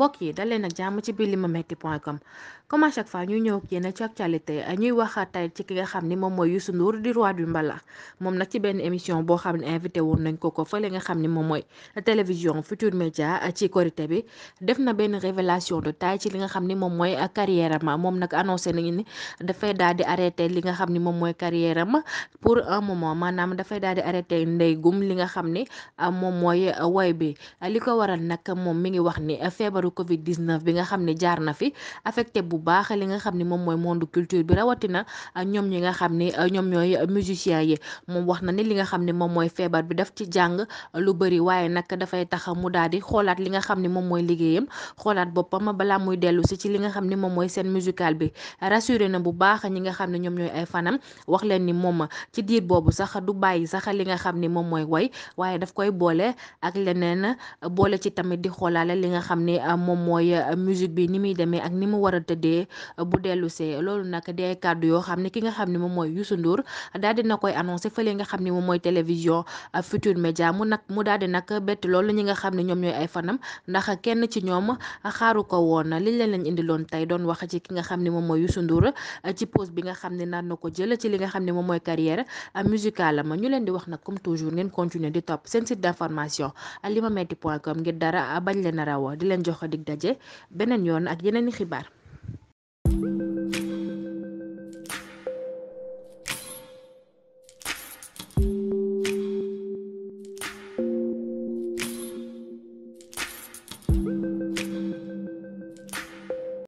mbokk yi dal leen ak jàmm ci biir limametti point com comme à chaque fois ñu ñëw ak yéen ci actualité ñuy wax tey ci ki nga xam ni moom mooy Youssou Ndour di roi du mbalax moom nag ci benn émission boo xam ne invité woon nañ ko ko fële nga xam ni moom mooy télévision Futur Média ci korité bi def na benn révélation de taille ci li nga xam ni moom mooy carrière am moom nag annoncé nañu ni dafay daal di arrêté li nga xam ni moom mooy carrière am pour un moment maanaam dafay daal di arrêté ndey li nga xam ni moom mooy woy bi li ko waral nag moom mi ngi wax ni feebaru wàllu Covid 19 bi nga xam ne jaar na fi affecté bu baax li nga xam ne moom mooy monde culture bi rawatina ah, ah, ñoom ñooy musiciens yi moom wax na ne li nga xam ne moom mooy feebar bi daf ci jàng lu bëri waaye nag dafay tax mu daal di xoolaat li nga xam ne moom mooy liggéeyam xoolaat boppam balaa muy dellu si ci li nga xam ni moom mooy scène musicale bi rassuré na bu baax ñi nga xam ne ñoom ñooy ay fanam wax leen ni moom ma ci diir boobu sax du bàyyi sax a li nga xam ni moom mooy woy waaye daf koy boole ak leneen boole ci tamit di xoolaale li nga xam ni xam moom mooy euh, musique bi ni muy demee ak ni mu war a tëddee euh, bu dellu see loolu nag di ay kàddu yoo xam ne ki nga xam ne moom mooy Youssou Ndour daal di na koy annoncé xam ne moom mooy télévision euh, Futur Média mu nag mu daal di nag bett loolu ñi nga xam ne ñoom ñooy ay fanam ndax kenn ci ñoom xaaru ko woon liñ leen lañ indi loon tey doon wax ci ki nga xam ne moom mooy Youssou Ndour ci pause bi nga xam ne naan na ko jël ci li nga xam ne moom mooy carrière musicale ma ñu leen di wax na comme toujours ngeen continuer di topp seen site d'information limametti dig daje beneen yoon ak yeneen i xibaar